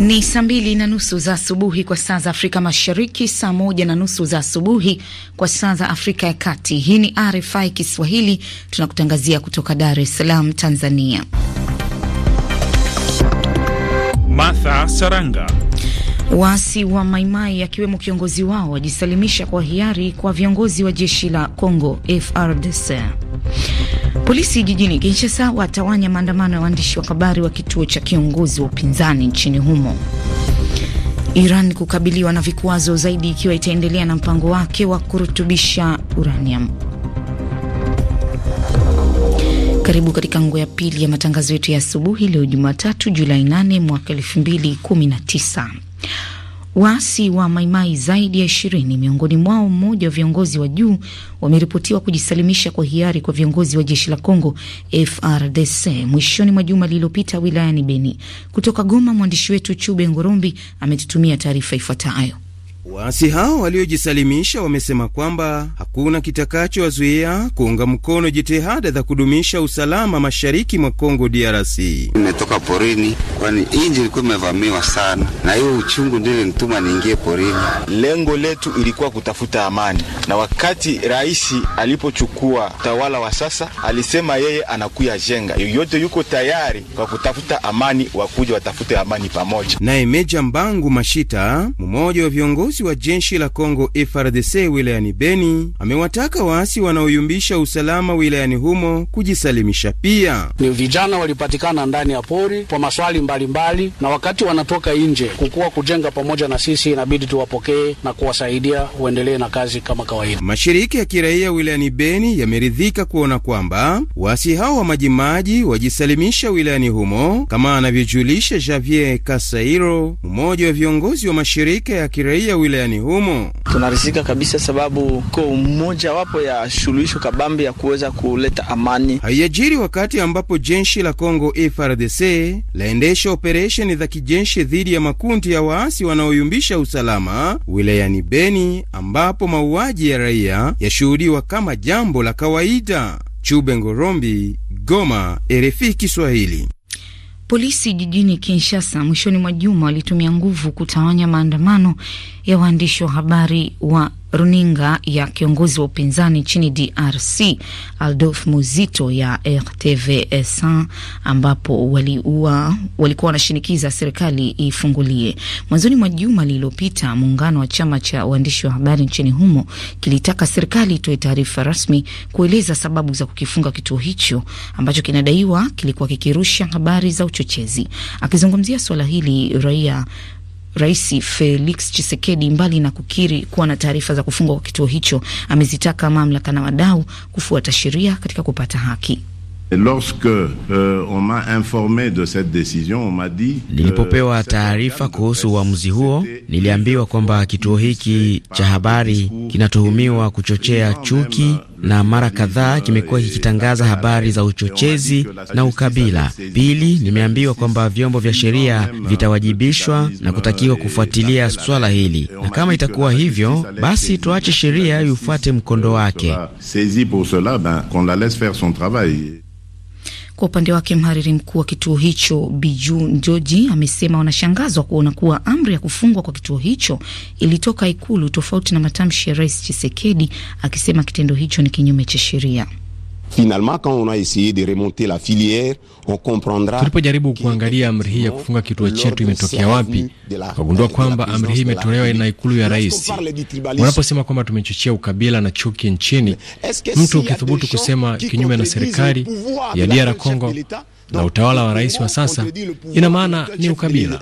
Ni saa mbili na nusu za asubuhi kwa saa za Afrika Mashariki, saa moja na nusu za asubuhi kwa saa za Afrika ya Kati. Hii ni RFI Kiswahili, tunakutangazia kutoka Dar es Salaam, Tanzania. Martha Saranga. Waasi wa Maimai akiwemo kiongozi wao wajisalimisha kwa hiari kwa viongozi wa jeshi la Congo FRDC. Polisi jijini Kinshasa watawanya maandamano ya waandishi wa habari wa kituo cha kiongozi wa upinzani nchini humo. Iran kukabiliwa na vikwazo zaidi ikiwa itaendelea na mpango wake wa kurutubisha uranium. Karibu katika nguo ya pili ya matangazo yetu ya asubuhi leo Jumatatu Julai 8 mwaka 2019. Waasi wa Maimai zaidi ya ishirini, miongoni mwao mmoja wa viongozi wa juu, wameripotiwa kujisalimisha kwa hiari kwa viongozi wa jeshi la Kongo FRDC mwishoni mwa juma lililopita wilayani Beni. Kutoka Goma, mwandishi wetu Chube Ngorombi ametutumia taarifa ifuatayo. Waasi hao waliojisalimisha wamesema kwamba hakuna kitakachowazuia kuunga mkono jitihada za kudumisha usalama mashariki mwa Kongo DRC. Nimetoka porini, kwani inji ilikuwa imevamiwa sana, na hiyo uchungu ndio ilinituma niingie porini. Lengo letu ilikuwa kutafuta amani, na wakati rais alipochukua utawala wa sasa alisema yeye anakuya jenga yoyote, yuko tayari kwa kutafuta amani, wakuja watafute amani pamoja naye. Meja Mbangu Mashita, mmoja wa viongozi Kiongozi wa jeshi la Congo FRDC wilayani Beni amewataka waasi wanaoyumbisha usalama wilayani humo kujisalimisha. Pia ni vijana walipatikana ndani ya pori kwa maswali mbalimbali mbali, na wakati wanatoka nje kukuwa kujenga pamoja na sisi, inabidi tuwapokee na kuwasaidia uendelee na kazi kama kawaida. Mashirika ya kiraia wilayani Beni yameridhika kuona kwamba waasi hao wa Majimaji wajisalimisha wilayani humo kama anavyojulisha Javier Kasairo, mmoja wa viongozi wa mashirika ya kiraia wilayani humo. Tunarizika kabisa sababu ko mmoja wapo ya suluhisho kabambi ya kuweza kuleta amani. Haiajiri wakati ambapo jeshi la Kongo FRDC laendesha operesheni za kijeshi dhidi ya makundi ya waasi wanaoyumbisha usalama wilayani Beni, ambapo mauaji ya raia yashuhudiwa kama jambo la kawaida. Chube Ngorombi, Goma, RFI Kiswahili. Polisi jijini Kinshasa mwishoni mwa juma walitumia nguvu kutawanya maandamano ya waandishi wa habari wa runinga ya kiongozi wa upinzani nchini DRC Aldolf Muzito ya rtvs ambapo waliua, walikuwa wanashinikiza serikali ifungulie. Mwanzoni mwa juma lililopita, muungano wa chama cha waandishi wa habari nchini humo kilitaka serikali itoe taarifa rasmi kueleza sababu za kukifunga kituo hicho ambacho kinadaiwa kilikuwa kikirusha habari za uchochezi. Akizungumzia suala hili, raia Rais Felix Chisekedi, mbali na kukiri kuwa na taarifa za kufungwa kwa kituo hicho, amezitaka mamlaka na wadau kufuata sheria katika kupata haki. Nilipopewa taarifa kuhusu uamuzi huo, niliambiwa kwamba kituo hiki cha habari kinatuhumiwa kuchochea chuki na mara kadhaa kimekuwa kikitangaza habari za uchochezi na ukabila. Pili, nimeambiwa kwamba vyombo vya sheria vitawajibishwa na kutakiwa kufuatilia swala hili, na kama itakuwa hivyo, basi tuache sheria ifuate mkondo wake. Kwa upande wake mhariri mkuu wa kituo hicho Biju Njoji amesema wanashangazwa kuona kuwa amri ya kufungwa kwa kituo hicho ilitoka Ikulu, tofauti na matamshi ya Rais Chisekedi akisema kitendo hicho ni kinyume cha sheria. Finalement, quand on a essayé de remonter la filière, on comprendra. Tulipojaribu kuangalia amri hii ya kufunga kituo chetu imetokea wapi, wakagundua kwamba amri hii imetolewa na ikulu ya rais. Wanaposema kwamba tumechochea ukabila na chuki nchini, mtu ukithubutu kusema kinyume na serikali ya DR Congo na utawala wa rais wa sasa, ina maana ni ukabila.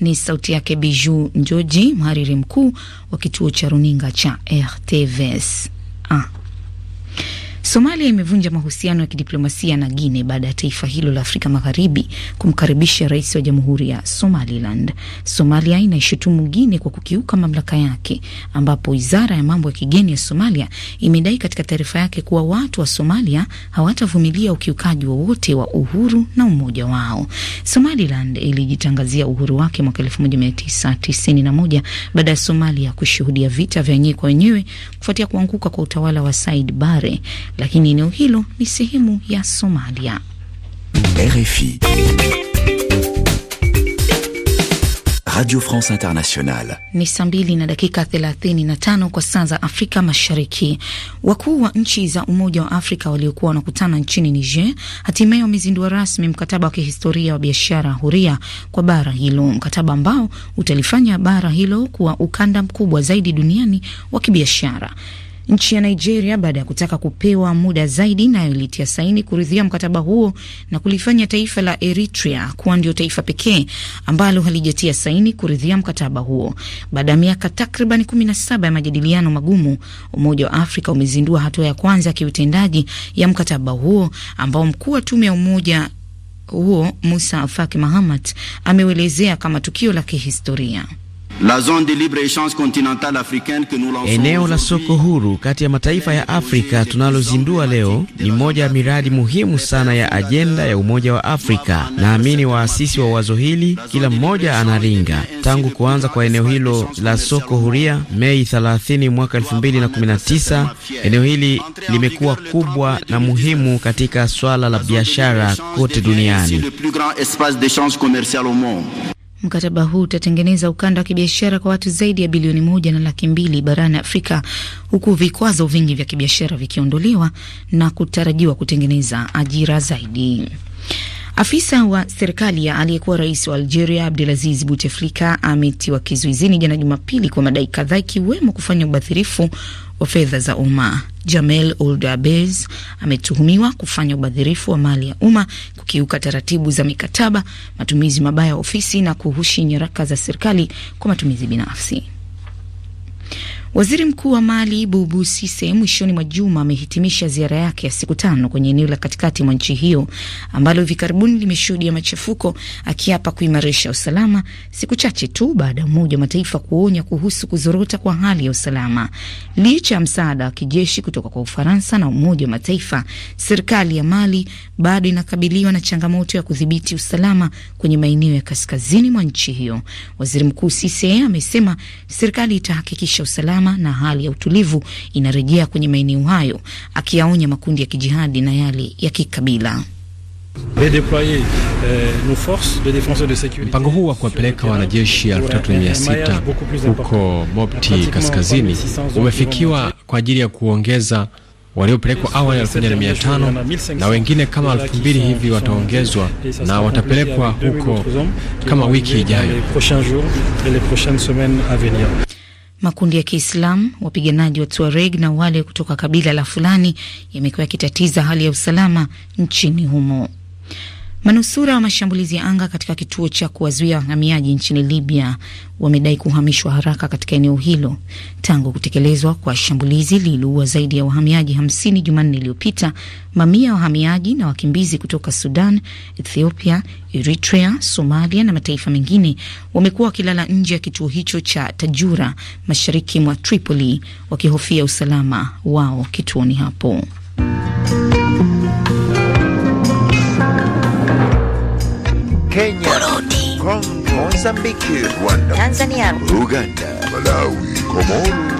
Ni sauti yake Biju Njoji, mhariri mkuu wa kituo cha runinga cha RTVS. ആ Somalia imevunja mahusiano ya kidiplomasia na guine baada ya taifa hilo la Afrika Magharibi kumkaribisha rais wa jamhuri ya Somaliland. Somalia inaishutumu guine kwa kukiuka mamlaka yake, ambapo wizara ya mambo ya kigeni ya Somalia imedai katika taarifa yake kuwa watu wa Somalia hawatavumilia ukiukaji wowote wa, uhuru na umoja wao. Somaliland ilijitangazia uhuru wake mwaka 1991 baada ya Somalia kushuhudia vita vya wenyewe kwa wenyewe kufuatia kuanguka kwa utawala wa Said lakini eneo hilo ni sehemu ya Somalia. RFI Radio France Internationale. Ni saa mbili na dakika 35 kwa saa za Afrika Mashariki. Wakuu wa nchi za Umoja wa Afrika waliokuwa wanakutana nchini Niger hatimaye wamezindua rasmi mkataba wa kihistoria wa biashara huria kwa bara hilo, mkataba ambao utalifanya bara hilo kuwa ukanda mkubwa zaidi duniani wa kibiashara nchi ya Nigeria baada ya kutaka kupewa muda zaidi, nayo ilitia saini kuridhia mkataba huo na kulifanya taifa la Eritrea kuwa ndio taifa pekee ambalo halijatia saini kuridhia mkataba huo. Baada ya miaka takriban 17 ya majadiliano magumu, Umoja wa Afrika umezindua hatua ya kwanza ya kiutendaji ya mkataba huo ambao mkuu wa tume ya umoja huo Musa Faki Mahamat ameuelezea kama tukio la kihistoria. La zone de libre échange continentale africaine que nous lançons. Eneo la soko huru kati ya mataifa ya Afrika tunalozindua leo ni moja ya miradi muhimu sana ya ajenda ya Umoja wa Afrika. Naamini waasisi wa wazo hili kila mmoja anaringa. Tangu kuanza kwa eneo hilo la soko huria Mei 30 mwaka 2019, eneo hili limekuwa kubwa na muhimu katika swala la biashara kote duniani. Mkataba huu utatengeneza ukanda wa kibiashara kwa watu zaidi ya bilioni moja na laki mbili barani Afrika, huku vikwazo vingi vya kibiashara vikiondolewa na kutarajiwa kutengeneza ajira zaidi. Afisa wa serikali ya aliyekuwa rais wa Algeria Abdulaziz Buteflika ametiwa kizuizini jana Jumapili kwa madai kadhaa ikiwemo kufanya ubadhirifu wa fedha za umma. Jamel Oldabez ametuhumiwa kufanya ubadhirifu wa mali ya umma, kukiuka taratibu za mikataba, matumizi mabaya ya ofisi na kuhushi nyaraka za serikali kwa matumizi binafsi. Waziri Mkuu wa Mali Bubu Sise mwishoni mwa juma amehitimisha ziara yake ya siku tano kwenye eneo la katikati mwa nchi hiyo ambalo hivi karibuni limeshuhudia machafuko, akiapa kuimarisha usalama, siku chache tu baada ya Umoja wa Mataifa kuonya kuhusu kuzorota kwa hali ya usalama. Licha ya msaada wa kijeshi kutoka kwa Ufaransa na Umoja wa Mataifa, serikali ya Mali bado inakabiliwa na changamoto ya kudhibiti usalama kwenye maeneo ya kaskazini mwa nchi hiyo. Waziri Mkuu Sise amesema serikali itahakikisha usalama usalama na hali ya utulivu inarejea kwenye maeneo hayo, akiyaonya makundi ya kijihadi na yale ya kikabila. Eh, Mpango huu wa kuwapeleka wanajeshi 3600 eh, huko Mopti kaskazini umefikiwa kwa ajili ya kuongeza waliopelekwa awali 5 na wengine kama 2 hivi wataongezwa na watapelekwa huko kama wiki ijayo. Makundi ya Kiislamu, wapiganaji wa Tuareg na wale kutoka kabila la Fulani yamekuwa yakitatiza hali ya usalama nchini humo. Manusura wa mashambulizi ya anga katika kituo cha kuwazuia wahamiaji nchini Libya wamedai kuhamishwa haraka katika eneo hilo tangu kutekelezwa kwa shambulizi lililoua zaidi ya wahamiaji hamsini Jumanne iliyopita. Mamia ya wahamiaji na wakimbizi kutoka Sudan, Ethiopia, Eritrea, Somalia na mataifa mengine wamekuwa wakilala nje ya kituo hicho cha Tajura mashariki mwa Tripoli wakihofia usalama wao kituoni hapo. Kenya, Burundi, Congo, Mozambique, Rwanda, Tanzania, Uganda, Malawi, Komoro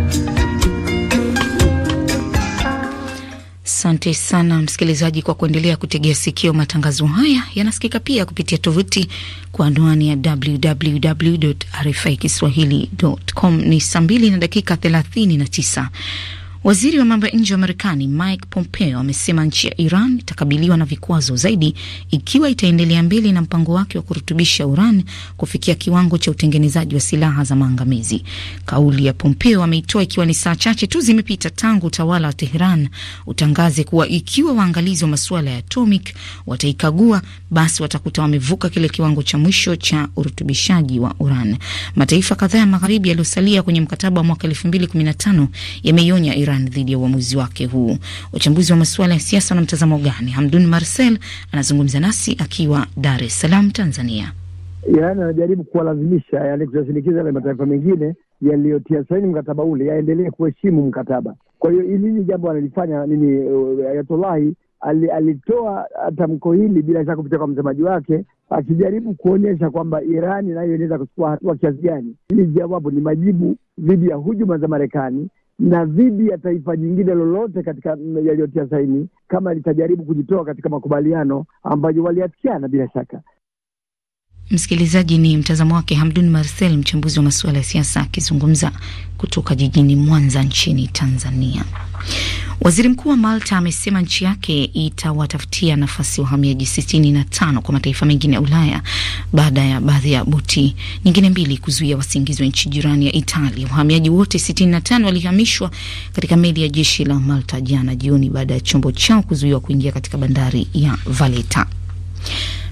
Asante sana msikilizaji kwa kuendelea kutegea sikio. Matangazo haya yanasikika pia kupitia tovuti kwa anwani ya www rfi kiswahilicom Ni saa mbili na dakika 39. Waziri wa mambo ya nje wa Marekani Mike Pompeo amesema nchi ya Iran itakabiliwa na vikwazo zaidi ikiwa itaendelea mbele na mpango wake wa kurutubisha uran kufikia kiwango cha utengenezaji wa silaha za maangamizi. Kauli ya Pompeo ameitoa ikiwa ni saa chache tu zimepita tangu utawala wa Teheran utangaze kuwa ikiwa waangalizi wa masuala ya atomic wataikagua, basi watakuta wamevuka kile kiwango cha mwisho cha urutubishaji wa uran. Mataifa kadhaa ya magharibi yaliyosalia kwenye mkataba wa mwaka 2015 yameionya Iran Iran dhidi ya uamuzi wake huu. Wachambuzi wa masuala ya siasa na mtazamo gani? Hamdun Marcel anazungumza nasi akiwa Dar es Salaam, Tanzania. Iran anajaribu kuwalazimisha, yani kuyashinikiza yale mataifa mengine yaliyotia saini mkataba ule yaendelee kuheshimu mkataba. Kwa hiyo hili jambo analifanya nini? Ayatolahi alitoa tamko hili bila shaka kupitia kwa msemaji wake, akijaribu kuonyesha kwamba Irani nayo inaweza kuchukua hatua kiasi gani. Hili jawabu ni majibu dhidi ya hujuma za Marekani na dhidi ya taifa jingine lolote katika yaliyotia saini kama litajaribu kujitoa katika makubaliano ambayo waliatikiana. Bila shaka, msikilizaji, ni mtazamo wake Hamdun Marcel, mchambuzi wa masuala ya siasa akizungumza kutoka jijini Mwanza nchini Tanzania. Waziri mkuu wa Malta amesema nchi yake itawatafutia nafasi wahamiaji sitini na tano kwa mataifa mengine ya Ulaya baada ya baadhi ya boti nyingine mbili kuzuia wasingizi wa nchi jirani ya Italia. Wahamiaji wote sitini na tano walihamishwa katika meli ya jeshi la Malta jana jioni baada ya chombo chao kuzuiwa kuingia katika bandari ya valeta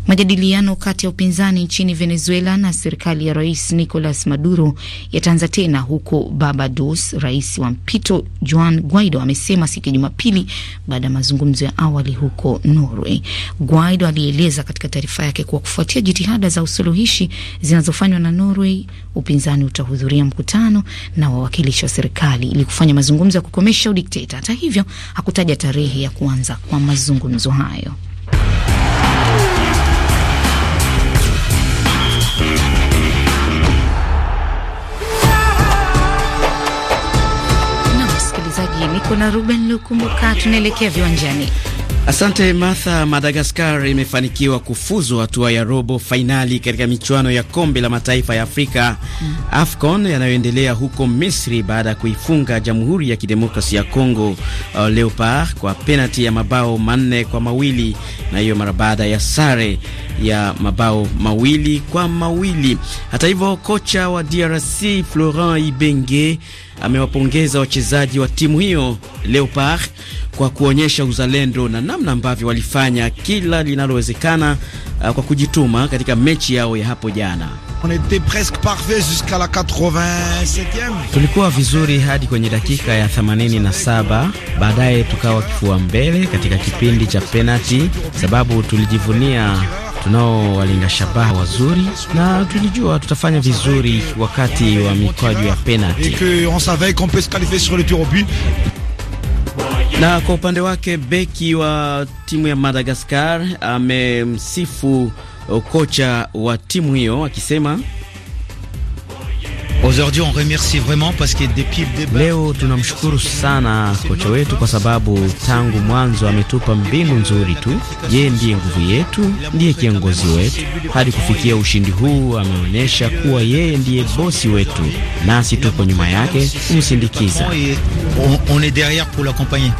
Majadiliano kati ya upinzani nchini Venezuela na serikali ya rais Nicolas Maduro yataanza tena huko Barbados, rais wa mpito Juan Guaido amesema siku ya Jumapili baada ya mazungumzo ya awali huko Norway. Guaido alieleza katika taarifa yake kuwa kufuatia jitihada za usuluhishi zinazofanywa na Norway, upinzani utahudhuria mkutano na wawakilishi wa serikali ili kufanya mazungumzo ya kukomesha udikteta. Hata hivyo, hakutaja tarehe ya kuanza kwa mazungumzo hayo. niko na Ruben Lukumbuka, tunaelekea viwanjani. Asante Martha. Madagaskar imefanikiwa kufuzu hatua ya robo fainali katika michuano ya kombe la mataifa ya Afrika hmm, AFCON yanayoendelea huko Misri baada ya kuifunga Jamhuri ya Kidemokrasi ya Congo uh, Leopard kwa penalti ya mabao manne kwa mawili na hiyo mara baada ya sare ya mabao mawili kwa mawili. Hata hivyo, kocha wa DRC Florent Ibenge amewapongeza wachezaji wa timu hiyo Leopard kwa kuonyesha uzalendo na namna ambavyo walifanya kila linalowezekana uh, kwa kujituma katika mechi yao ya hapo jana. Tulikuwa vizuri hadi kwenye dakika ya 87, baadaye tukawa kifua mbele katika kipindi cha penalty sababu tulijivunia tunao walinga shabaha wazuri na tulijua tutafanya vizuri wakati wa mikwaju ya penalty na kwa upande wake beki wa timu ya Madagascar amemsifu kocha wa timu hiyo akisema Aujourd'hui on remercie vraiment parce que depuis leo tunamshukuru sana kocha wetu kwa sababu tangu mwanzo ametupa mbinu nzuri tu. Yeye ndiye nguvu yetu, ndiye kiongozi wetu. Hadi kufikia ushindi huu ameonyesha kuwa yeye ndiye bosi wetu, nasi tupo nyuma yake kumsindikiza. On est derrière pour l'accompagner.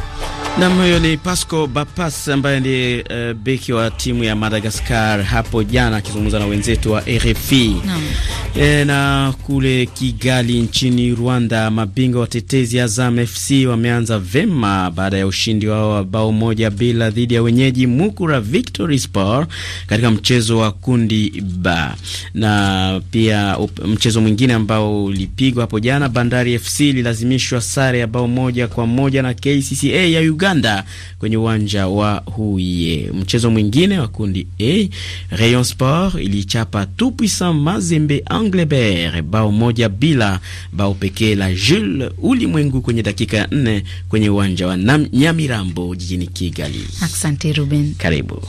Nam, huyo ni Pasco Bapas ambaye ndiye uh, beki wa timu ya Madagascar hapo jana akizungumza na wenzetu wa RFI. E, eh, na kule Kigali nchini Rwanda, mabingwa watetezi Azam FC wameanza vema baada ya ushindi wao wa bao moja bila dhidi ya wenyeji Mukura Victory Sport katika mchezo wa kundi B. Na pia up, mchezo mwingine ambao ulipigwa hapo jana, Bandari FC ililazimishwa sare ya bao moja kwa moja na KCCA ya Uganda Uganda kwenye uwanja wa Huye. Mchezo mwingine wa kundi A, Rayon Sport ilichapa tu Puissant Mazembe Anglebert bao moja bila bao pekee la Jules Ulimwengu kwenye dakika ya nne kwenye uwanja wa Nyamirambo jijini Kigali. Asante Ruben, karibu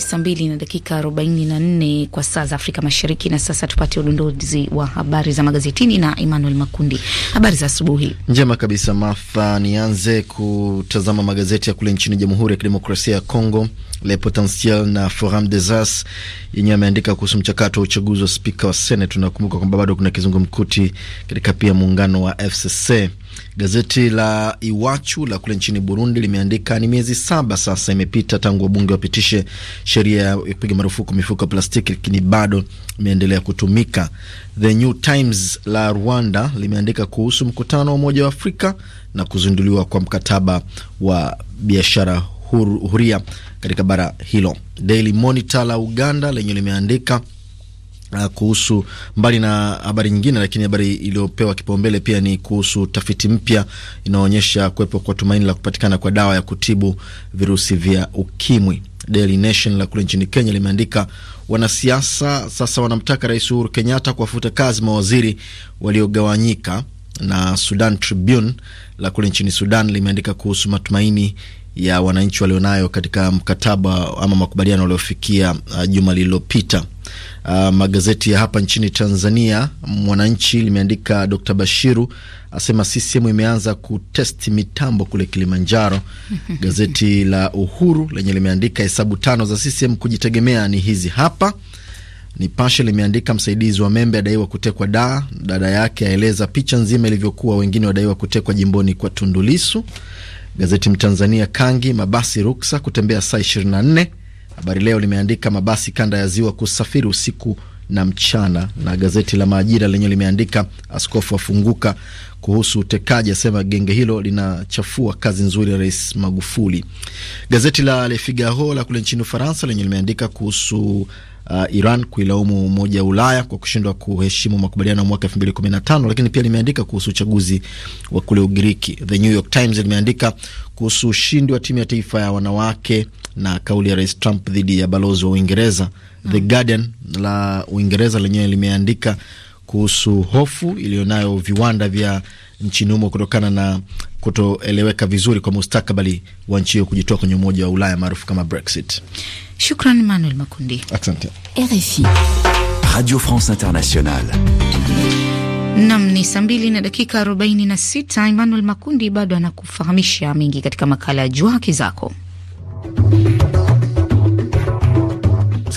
ni saa mbili na dakika 44 kwa saa za Afrika Mashariki. Na sasa tupate udondozi wa habari za magazetini na Emmanuel Makundi. Habari za asubuhi. Njema kabisa Martha, nianze kutazama magazeti ya kule nchini Jamhuri ya Kidemokrasia ya Kongo. Le Potentiel na Forum des As yenyewe ameandika kuhusu mchakato wa uchaguzi wa spika wa Senate. Tunakumbuka kwamba bado kuna kizungumkuti katika pia muungano wa FCC. Gazeti la Iwachu la kule nchini Burundi limeandika ni miezi saba sasa imepita tangu wabunge wapitishe sheria ya kupiga marufuku mifuko ya plastiki, lakini bado imeendelea kutumika. The New Times la Rwanda limeandika kuhusu mkutano wa Umoja wa Afrika na kuzinduliwa kwa mkataba wa biashara huria katika bara hilo. Daily Monitor la Uganda lenye limeandika Ah, kuhusu mbali na habari nyingine, lakini habari iliyopewa kipaumbele pia ni kuhusu tafiti mpya inaonyesha kuwepo kwa tumaini la kupatikana kwa dawa ya kutibu virusi vya ukimwi. Daily Nation la kule nchini Kenya limeandika wanasiasa sasa wanamtaka Rais Uhuru Kenyatta kuwafuta kazi mawaziri waliogawanyika, na Sudan Tribune la kule nchini Sudan limeandika kuhusu matumaini ya wananchi walionayo katika mkataba ama makubaliano waliofikia uh, juma lililopita. Uh, magazeti ya hapa nchini Tanzania, Mwananchi limeandika Dr. Bashiru asema CCM imeanza kutesti mitambo kule Kilimanjaro. Gazeti la Uhuru lenye limeandika hesabu tano za CCM kujitegemea ni hizi hapa. Nipashe limeandika msaidizi wa Membe adaiwa kutekwa da, dada yake aeleza picha nzima ilivyokuwa, wengine wadaiwa kutekwa jimboni kwa Tundulisu. Gazeti Mtanzania Kangi, mabasi ruksa kutembea saa 24. Habari Leo limeandika mabasi kanda ya ziwa kusafiri usiku na mchana, na gazeti la maajira lenye limeandika askofu afunguka kuhusu utekaji, asema genge hilo linachafua kazi nzuri ya Rais Magufuli. Gazeti la Le Figaro la kule nchini Ufaransa lenye limeandika kuhusu uh, Iran kuilaumu Umoja wa Ulaya kwa kushindwa kuheshimu makubaliano ya mwaka 2015 lakini pia limeandika kuhusu uchaguzi wa kule Ugiriki. The New York Times limeandika kuhusu ushindi wa timu ya taifa ya wanawake na kauli ya Rais Trump dhidi ya balozi wa Uingereza. Mm. The hmm. Guardian la Uingereza lenyewe limeandika kuhusu hofu iliyonayo viwanda vya nchini humo kutokana na kutoeleweka vizuri kwa mustakabali wa nchi hiyo kujitoa kwenye Umoja wa Ulaya maarufu kama Brexit. Shukran Manuel Makundi. Asante. RFI Radio France Internationale. Nam ni saa mbili na dakika 46. Emmanuel Makundi bado anakufahamisha mengi katika makala ya Jua Haki Zako.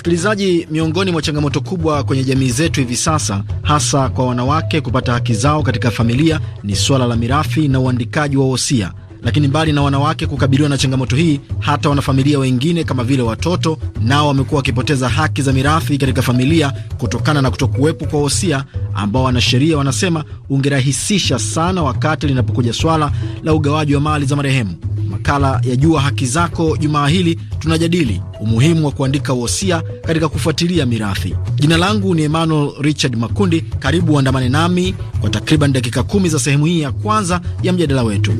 Msikilizaji, miongoni mwa changamoto kubwa kwenye jamii zetu hivi sasa, hasa kwa wanawake kupata haki zao katika familia, ni suala la mirathi na uandikaji wa wosia. Lakini mbali na wanawake kukabiliwa na changamoto hii, hata wanafamilia wengine kama vile watoto nao wamekuwa wakipoteza haki za mirathi katika familia kutokana na kutokuwepo kwa wosia ambao wanasheria wanasema ungerahisisha sana wakati linapokuja swala la ugawaji wa mali za marehemu. Makala ya Jua Haki Zako jumaa hili tunajadili umuhimu wa kuandika wosia katika kufuatilia mirathi. Jina langu ni Emmanuel Richard Makundi. Karibu uandamane nami kwa takriban dakika kumi za sehemu hii ya kwanza ya mjadala wetu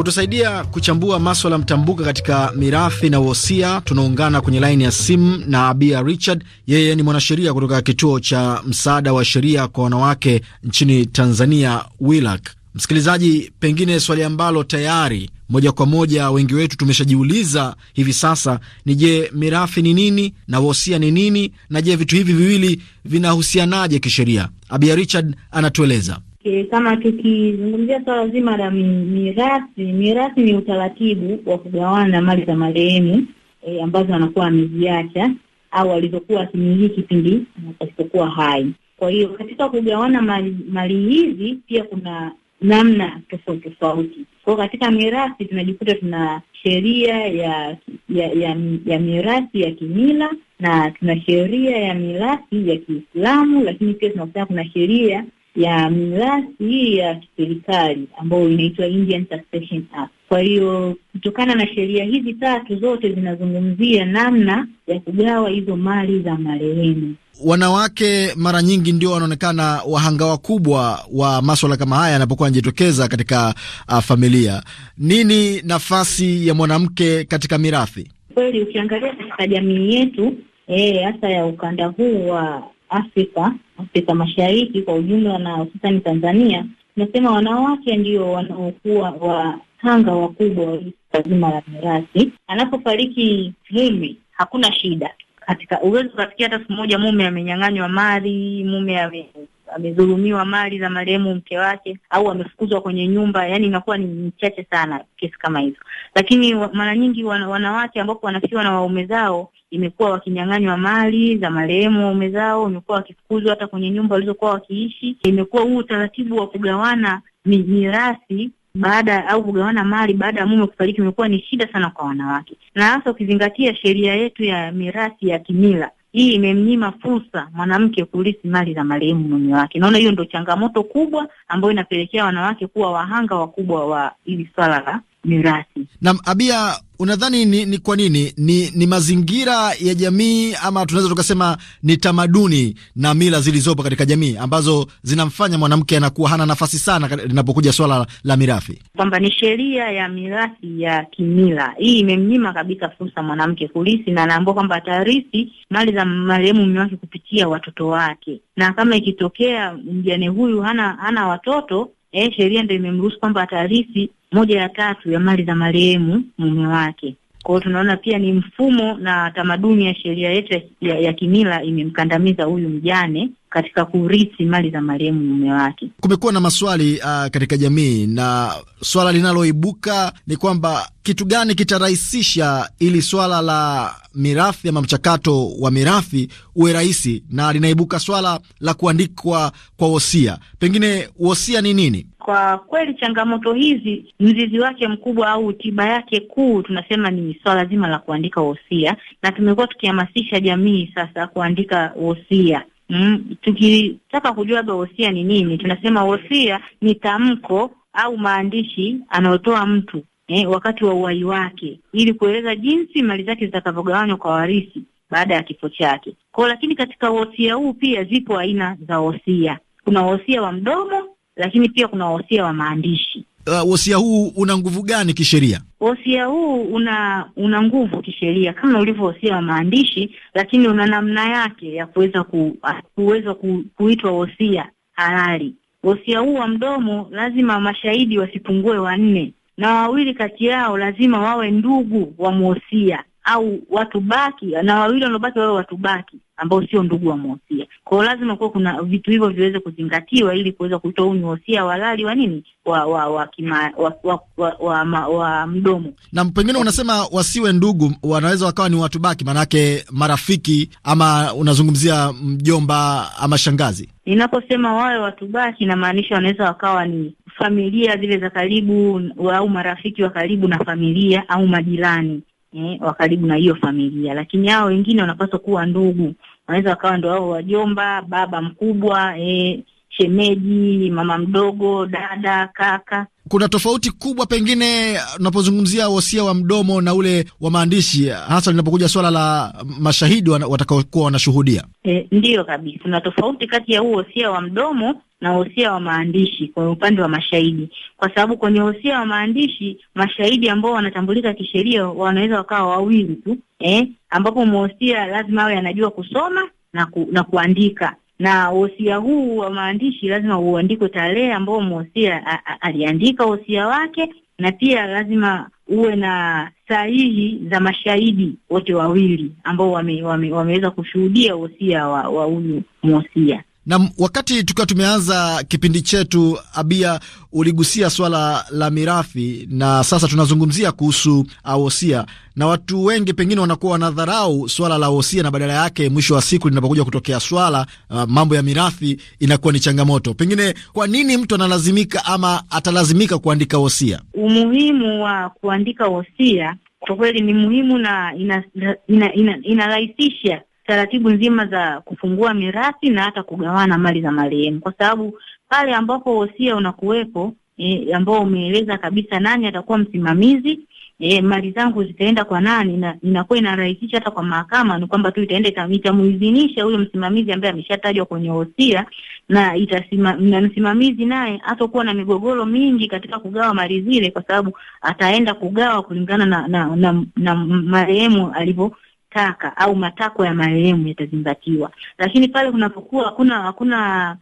kutusaidia kuchambua maswala mtambuka katika mirathi na wosia, tunaungana kwenye laini ya simu na Abia Richard. Yeye ni mwanasheria kutoka kituo cha msaada wa sheria kwa wanawake nchini Tanzania, wilak Msikilizaji, pengine swali ambalo tayari moja kwa moja wengi wetu tumeshajiuliza hivi sasa ni je, mirathi ni nini na wosia ni nini, na je, vitu hivi viwili vinahusianaje kisheria? Abia Richard anatueleza. E, kama tukizungumzia swala zima la mirathi, mirathi ni utaratibu wa kugawana mali za marehemu e, ambazo anakuwa ameziacha au alizokuwa akimiliki kipindi asipokuwa hai. Kwa hiyo katika kugawana mali, mali hizi pia kuna namna tofauti tofauti. Kwa katika mirathi tunajikuta tuna sheria ya ya, ya ya mirathi ya kimila na tuna sheria ya mirathi ya Kiislamu, lakini pia tunakuta kuna sheria ya mrasi hii ya kiserikali ambayo inaitwa Indian Succession Act. Kwa hiyo kutokana na sheria hizi tatu zote zinazungumzia namna ya kugawa hizo mali za marehemu. Wanawake mara nyingi ndio wanaonekana wahanga wakubwa wa maswala kama haya yanapokuwa yanajitokeza katika uh, familia. Nini nafasi ya mwanamke katika mirathi? Kweli ukiangalia katika jamii yetu eh, hasa e, ya ukanda huu wa Afrika, Afrika Mashariki kwa ujumla na hususani Tanzania, tunasema wanawake ndio wanaokuwa wahanga wakubwa wa zima la mirasi. Anapofariki mume hakuna shida katika, uwezi ukafikia hata siku moja mume amenyang'anywa mali, mume ame amedhulumiwa mali za marehemu mke wake au amefukuzwa kwenye nyumba, yani inakuwa ni chache sana kesi kama hizo. Lakini mara nyingi wan, wanawake ambapo wanafiwa na waume zao imekuwa wakinyang'anywa mali za marehemu waume zao, imekuwa wakifukuzwa hata kwenye nyumba walizokuwa wakiishi. Imekuwa huu utaratibu wa kugawana mirasi baada au kugawana mali baada ya mume kufariki imekuwa ni shida sana kwa wanawake, na hasa ukizingatia sheria yetu ya mirathi ya kimila hii imemnyima fursa mwanamke kurithi mali za marehemu mume wake. Naona hiyo ndio changamoto kubwa ambayo inapelekea wanawake kuwa wahanga wakubwa wa hili swala la mirathi. Na Abia, unadhani ni, ni kwa nini ni, ni mazingira ya jamii ama tunaweza tukasema ni tamaduni na mila zilizopo katika jamii ambazo zinamfanya mwanamke anakuwa hana nafasi sana linapokuja swala la mirathi, kwamba ni sheria ya mirathi ya kimila. Hii imemnyima kabisa fursa mwanamke kulisi, na anaambua kwamba atarisi mali za marehemu mume wake kupitia watoto wake, na kama ikitokea mjane huyu hana hana watoto eh, sheria ndio imemruhusu kwamba atarithi moja ya tatu ya mali za marehemu mume wake. Kwa hiyo tunaona pia ni mfumo na tamaduni ya sheria yetu ya, ya kimila imemkandamiza huyu mjane katika kurithi mali za marehemu mume wake. Kumekuwa na maswali uh, katika jamii na swala linaloibuka ni kwamba kitu gani kitarahisisha ili swala la mirathi ama mchakato wa mirathi uwe rahisi, na linaibuka swala la kuandikwa kwa wosia. Pengine wosia ni nini? kwa kweli changamoto hizi mzizi wake mkubwa au tiba yake kuu tunasema ni swala zima la kuandika wosia, na tumekuwa tukihamasisha jamii sasa kuandika wosia. Mm, tukitaka kujua labda wosia ni nini, tunasema wosia ni tamko au maandishi anayotoa mtu eh, wakati wa uhai wake ili kueleza jinsi mali zake zitakavyogawanywa kwa warisi baada ya kifo chake. Kwa lakini katika wosia huu pia zipo aina za wosia. Kuna wosia wa mdomo lakini pia kuna wasia wa maandishi. Uh, huu una nguvu gani kisheria? Wasia huu una una nguvu kisheria kama ulivyo wosia wa maandishi, lakini una namna yake ya kuweza ku, kuweza ku, kuitwa wosia halali. wosia huu wa mdomo lazima mashahidi wasipungue wanne, na wawili kati yao lazima wawe ndugu wa mwosia au watu baki, na wawili wanaobaki wawe watu baki ambao sio ndugu wa mwosia. Kwa lazima kuwa kuna vitu hivyo viweze kuzingatiwa ili kuweza kutoa unyosia walali wa nini wa wa wa, kima, wa, wa, wa, wa, wa, wa mdomo. Na pengine unasema wasiwe ndugu, wanaweza wakawa ni watu baki, maanake marafiki, ama unazungumzia mjomba ama shangazi. Ninaposema wawe watu baki, namaanisha wanaweza wakawa ni familia zile za karibu au marafiki wa karibu na familia au majirani eh, wa karibu na hiyo familia, lakini hao wengine wanapaswa kuwa ndugu wanaweza wakawa ndo wao wajomba, baba mkubwa, e, shemeji, mama mdogo, dada, kaka. Kuna tofauti kubwa pengine unapozungumzia wosia wa mdomo na ule wa maandishi, hasa linapokuja swala la mashahidi watakaokuwa wanashuhudia. E, ndiyo kabisa, kuna tofauti kati ya huu wosia wa mdomo na wosia wa maandishi kwa upande wa mashahidi, kwa sababu kwenye wosia wa maandishi mashahidi ambao wanatambulika kisheria wanaweza wakawa wawili tu eh, ambapo mwosia lazima awe anajua kusoma na, ku, na kuandika na wosia huu wa maandishi lazima uandikwe tarehe ambayo mwosia aliandika wosia wake, na pia lazima uwe na sahihi za mashahidi wote wawili ambao wame, wame, wameweza kushuhudia wosia wa huyu mwosia. Na wakati tukiwa tumeanza kipindi chetu, Abia, uligusia swala la mirathi, na sasa tunazungumzia kuhusu wosia, na watu wengi pengine wanakuwa wanadharau swala la wosia, na badala yake mwisho wa siku linapokuja kutokea swala uh, mambo ya mirathi inakuwa ni changamoto. Pengine kwa nini mtu analazimika ama atalazimika kuandika wosia? Umuhimu wa kuandika wosia kwa kweli ni muhimu na inarahisisha ina, ina, ina, ina taratibu nzima za kufungua mirathi na hata kugawana mali za marehemu, kwa sababu pale ambapo wosia unakuwepo e, ambao umeeleza kabisa nani atakuwa msimamizi e, mali zangu zitaenda kwa nani, na inakuwa inarahisisha hata kwa mahakama, ni kwamba tu itaenda itamuidhinisha huyo msimamizi ambaye ameshatajwa kwenye wosia, na itasima, na msimamizi naye hatakuwa na migogoro mingi katika kugawa mali zile, kwa sababu ataenda kugawa kulingana na na, na, na marehemu alivyo taka au matakwa ya marehemu yatazingatiwa, lakini pale kunapokuwa hakuna hakuna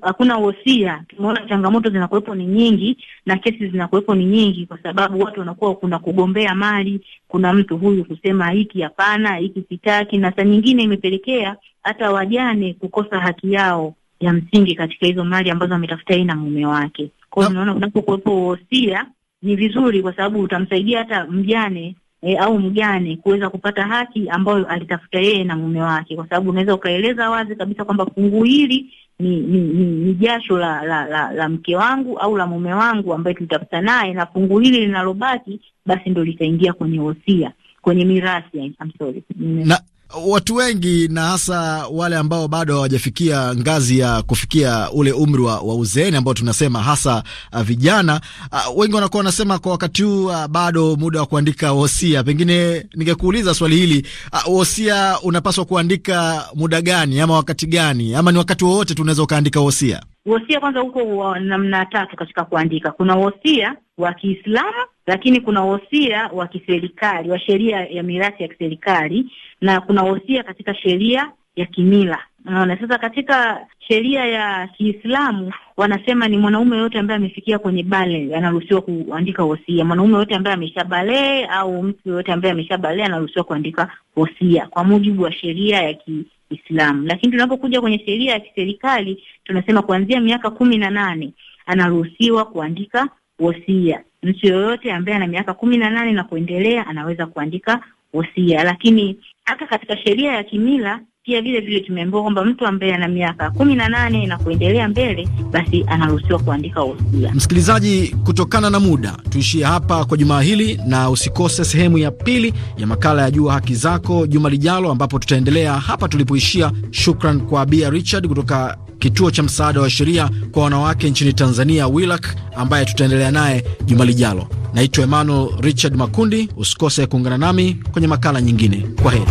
hakuna wosia, tumeona changamoto zinakuwepo ni nyingi na kesi zinakuwepo ni nyingi, kwa sababu watu wanakuwa kuna kugombea mali, kuna mtu huyu kusema hiki hapana, hiki sitaki, na saa nyingine imepelekea hata wajane kukosa haki yao ya msingi katika hizo mali ambazo ametafuta yeye na mume wake. Kwa hiyo unaona, unapokuwepo wosia ni vizuri, kwa sababu utamsaidia hata mjane e, au mjane kuweza kupata haki ambayo alitafuta yeye na mume wake, kwa sababu unaweza ukaeleza wazi kabisa kwamba fungu hili ni ni, ni, ni jasho la, la, la, la mke wangu au la mume wangu ambaye tulitafuta naye, na fungu hili linalobaki basi ndo litaingia kwenye wosia, kwenye mirasi I'm sorry. Na, watu wengi na hasa wale ambao bado hawajafikia ngazi ya kufikia ule umri wa, wa uzeeni ambao tunasema hasa uh, vijana uh, wengi wanakuwa wanasema kwa wakati huu uh, bado muda wa kuandika wosia. Pengine ningekuuliza swali hili uh, wosia unapaswa kuandika muda gani ama wakati gani ama ni wakati wowote tunaweza ukaandika wosia? Wosia kwanza huko namna tatu katika kuandika. Kuna wosia wa Kiislamu lakini kuna wosia wa kiserikali wa sheria ya mirathi ya kiserikali na kuna wosia katika sheria ya kimila. Naona sasa katika sheria ya Kiislamu wanasema ni mwanaume yote ambaye amefikia kwenye bale anaruhusiwa kuandika wosia. Mwanaume yote ambaye ameshabalee au mtu yoyote ambaye ameshabalee anaruhusiwa kuandika wosia kwa mujibu wa sheria ya Kiislamu. Lakini tunapokuja kwenye sheria ya kiserikali tunasema kuanzia miaka kumi na nane anaruhusiwa kuandika wosia mtu yoyote ambaye ana miaka kumi na nane na kuendelea anaweza kuandika wosia, lakini hata katika sheria ya kimila pia vile vile tumeambiwa kwamba mtu ambaye ana miaka kumi na nane na kuendelea mbele basi anaruhusiwa kuandika wosia. Msikilizaji, kutokana na muda tuishie hapa kwa jumaa hili, na usikose sehemu ya pili ya makala ya Jua Haki Zako juma lijalo, ambapo tutaendelea hapa tulipoishia. Shukran kwa Bia Richard kutoka kituo cha msaada wa sheria kwa wanawake nchini Tanzania, wilak ambaye tutaendelea naye juma lijalo. Naitwa Emmanuel Richard Makundi. Usikose kuungana nami kwenye makala nyingine. Kwa heri.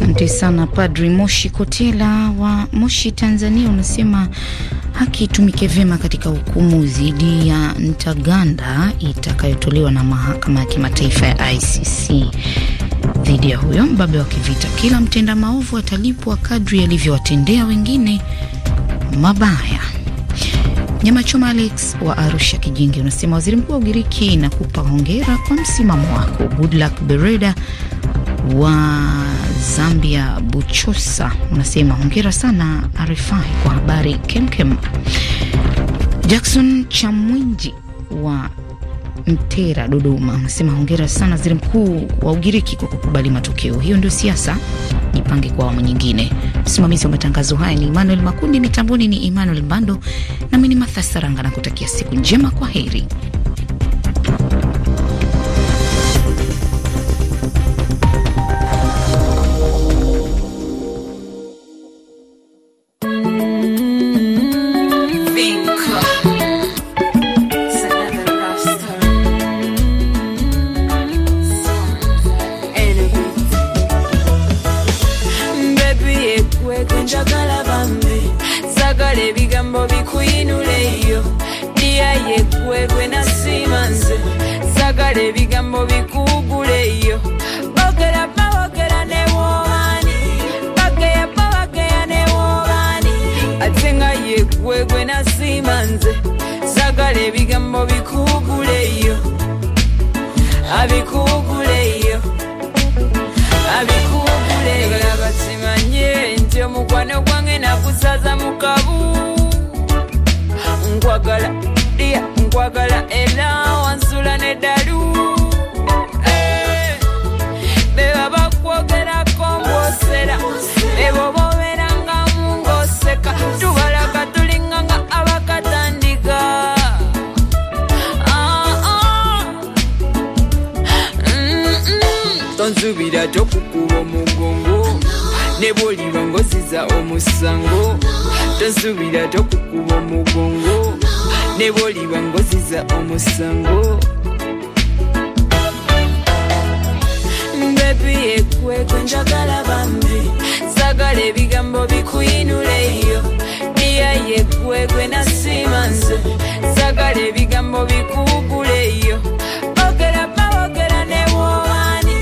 Asante sana Padri Moshi Kotela wa Moshi, Tanzania, unasema haki itumike vyema katika hukumu dhidi ya Ntaganda itakayotolewa na mahakama ya kimataifa ya ICC dhidi ya huyo mbabe wa kivita. Kila mtenda maovu atalipwa kadri alivyowatendea wengine mabaya. Nyama choma Alex wa Arusha Kijingi unasema waziri mkuu wa Ugiriki nakupa hongera kwa msimamo wako. Good luck Bereda wa Zambia, Buchosa unasema hongera sana Arifai kwa habari kemkem. Jackson Chamwinji wa Mtera, Dodoma unasema hongera sana waziri mkuu wa Ugiriki kwa kukubali matokeo. Hiyo ndio siasa, jipange kwa awamu nyingine. Msimamizi wa matangazo haya ni Emmanuel Makundi, mitamboni ni Emmanuel Mbando, nami ni Mathasaranga na kutakia siku njema, kwa heri. nsubira ah, ah. tokukuba omugongo nebolibongosiza omusango tonsubira tokukuba omugongo nebolibongosiza omusango mbepi yekwekwenjagala bambi njagala ebigambo bikuyinuleiyo diya yeggwe gwe nasiima nze njagala ebigambo bikuguleyo ogera bawogera newoobani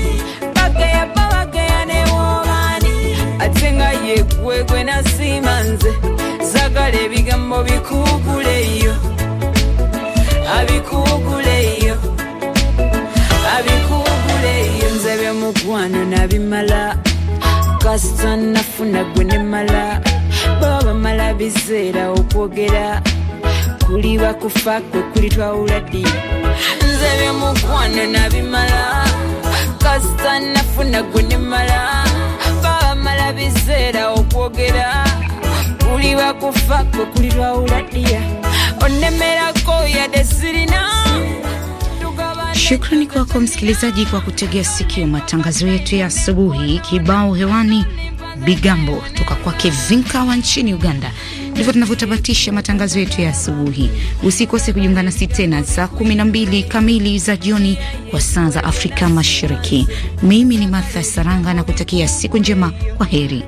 bageya bawageya newoobani ate nga yeggwe gwe nasiima nze njagala ebigambo bikuguleyo abikuguleyo abikuguleyo nze byemugwano nabimala kasita nafuna gwe nemala baba bamala biseera okwogera kuli bakufa kwe kuli twawula ddi nze byomukwano nabimala kasita nafuna gwe nemala baba bamala biseera okwogera kuli bakufa kwe kuli twawula ddi onemerako yade sirina Shukrani kwako msikilizaji kwa kutegea sikio matangazo yetu ya asubuhi. Kibao hewani Bigambo toka kwake Vinkawa nchini Uganda. Ndivyo tunavyotamatisha matangazo yetu ya asubuhi. Usikose kujiunga nasi tena saa 12 kamili za jioni kwa saa za Afrika Mashariki. Mimi ni Martha Saranga na kutakia siku njema. Kwa heri.